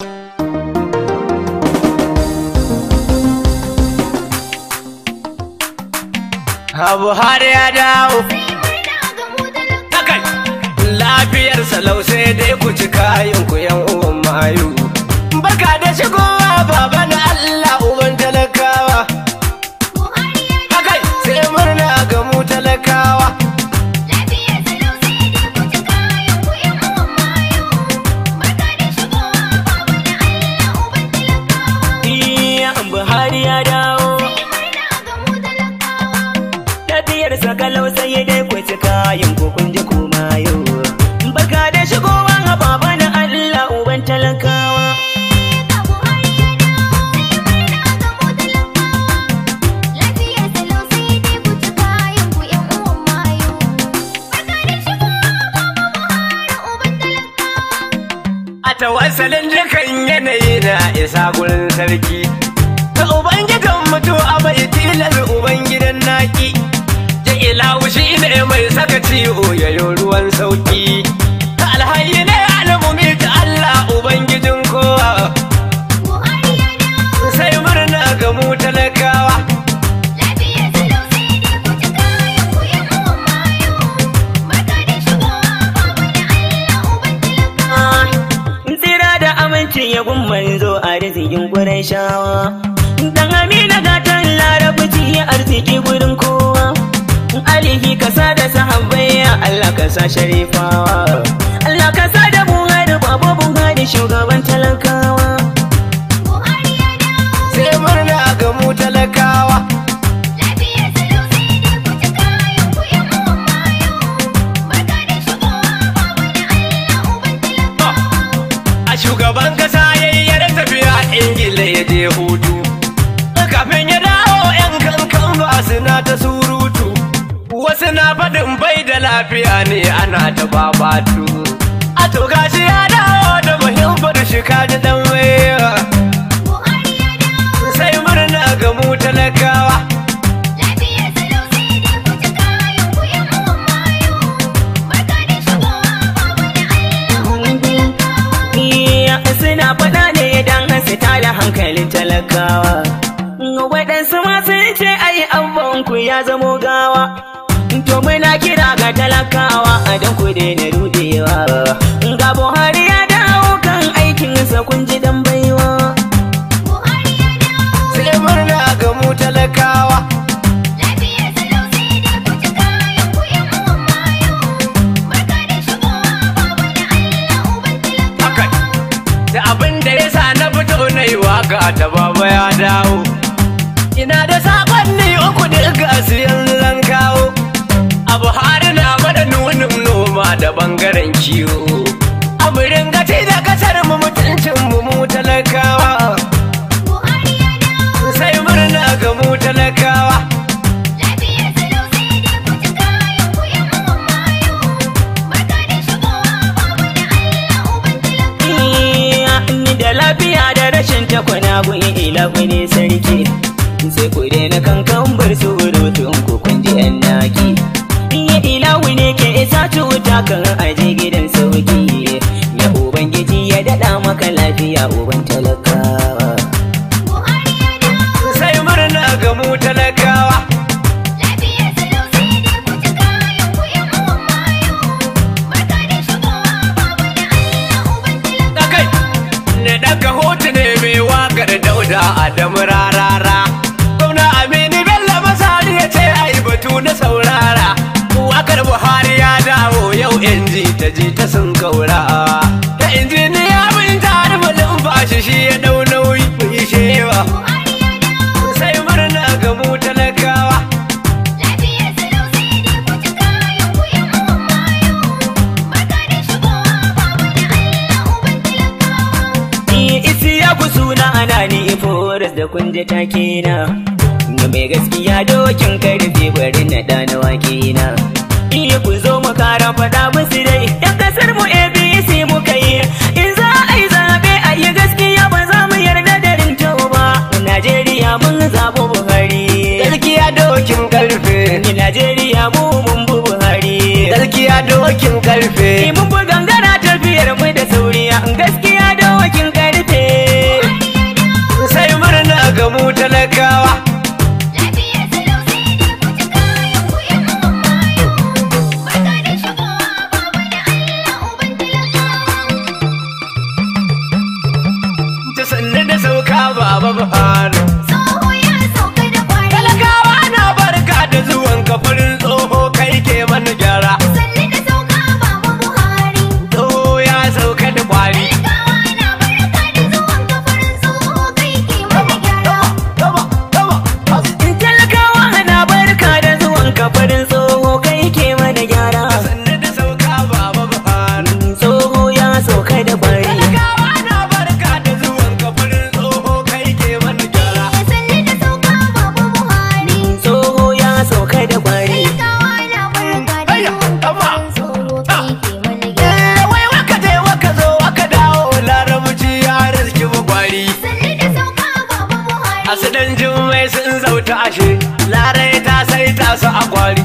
Abu har ya dawo Akai lafiyar salau sai dai ku ci kayan ku yan uwan mayu Barka da shigowa baba na Allah uban talakawa sai murna ga mu talakawa Ta tawassalin dukan yanayi na isa gurin sarki ta ubangidan mutu a mai tilar ubangidan naki ya ilawu wushi ne mai saka ciwo yayin ruwan sauki ta alhayi arzikin shawa, dan amina gatan larabci arziki gurin kowa alihi kasa da sahabbai Allah ka sa sharifawa Allah ka sa ana ta surutu wasu na faɗin bai da lafiya ne ana ta babatu a to gashi ya dawo da muhimmin shi kaji dan waya sai murna ga mu talakawa suna faɗa ne don hasita da hankali talakawa ya zamo gawa to muna kira ga talakawa a dan ku daina rudewa ga buhari ya dawo kan aikinsa kun ji dan baiwa sai murna ga mu talakawa abin ya sa na fito na yi waka baba ya dawo ciwo a murin da kasar mu mutuncin mu mu talakawa sun kaura dokin karfe mun bu gangara tafiyar mu da sauri an gaske sa a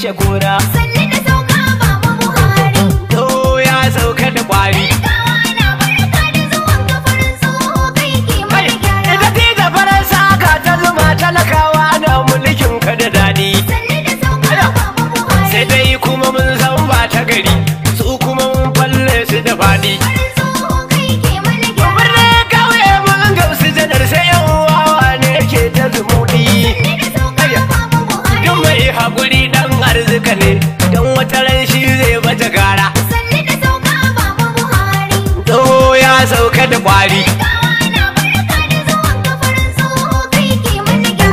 chegou ta sauka da kwari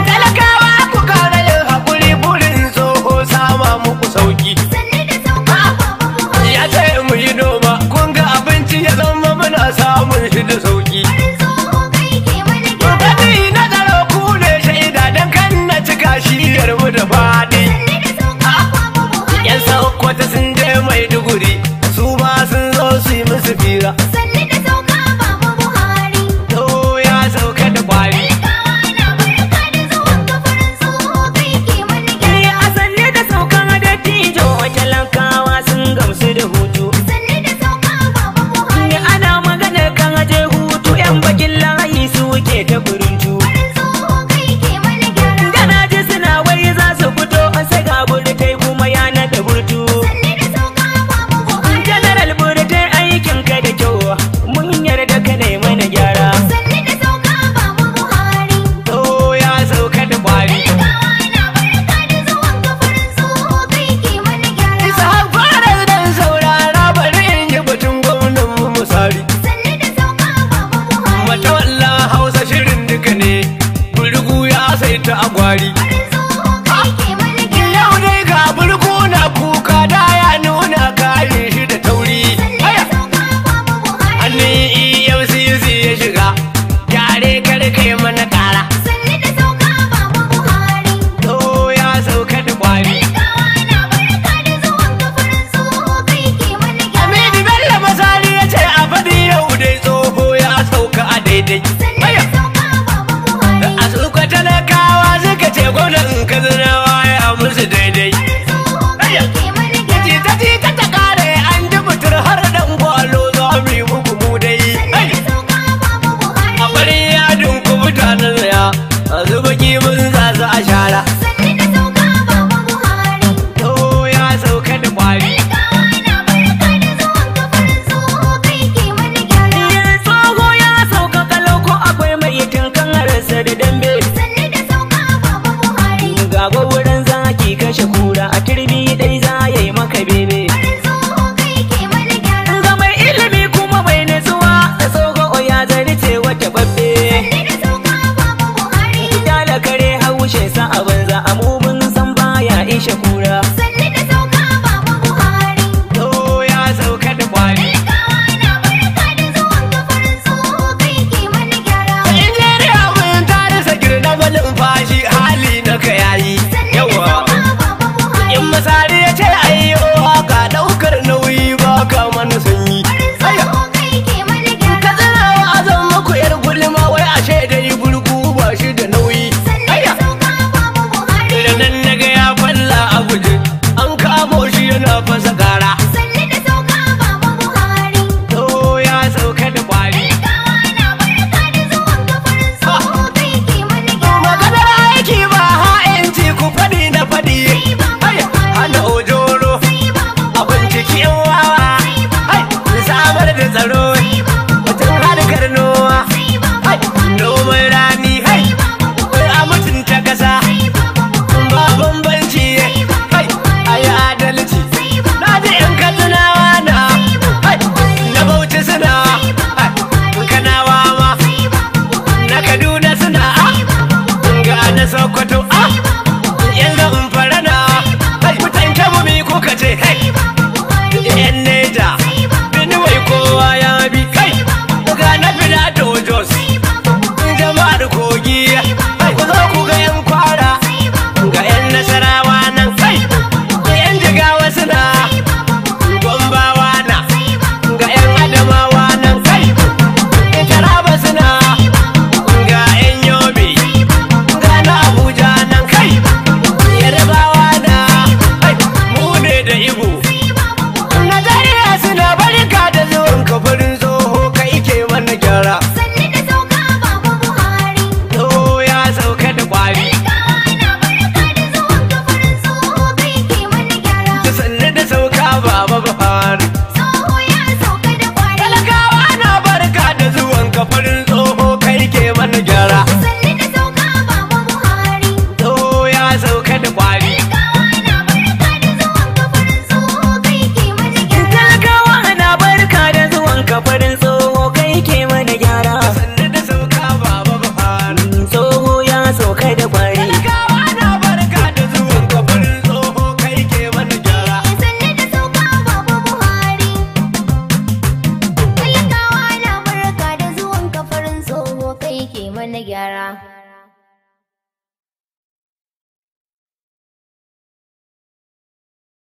talakawa ku karayin haƙuri burin tsoho sama muku sauki ya ce mu yi noma kun ga abinci ya zama muna samun shi da sauki na tsaro ku ne shaida don kan na cika shi yarmu da faɗi yan sauko ta sun je mai su ma sun zo suyi musu fira ya taɓa agwari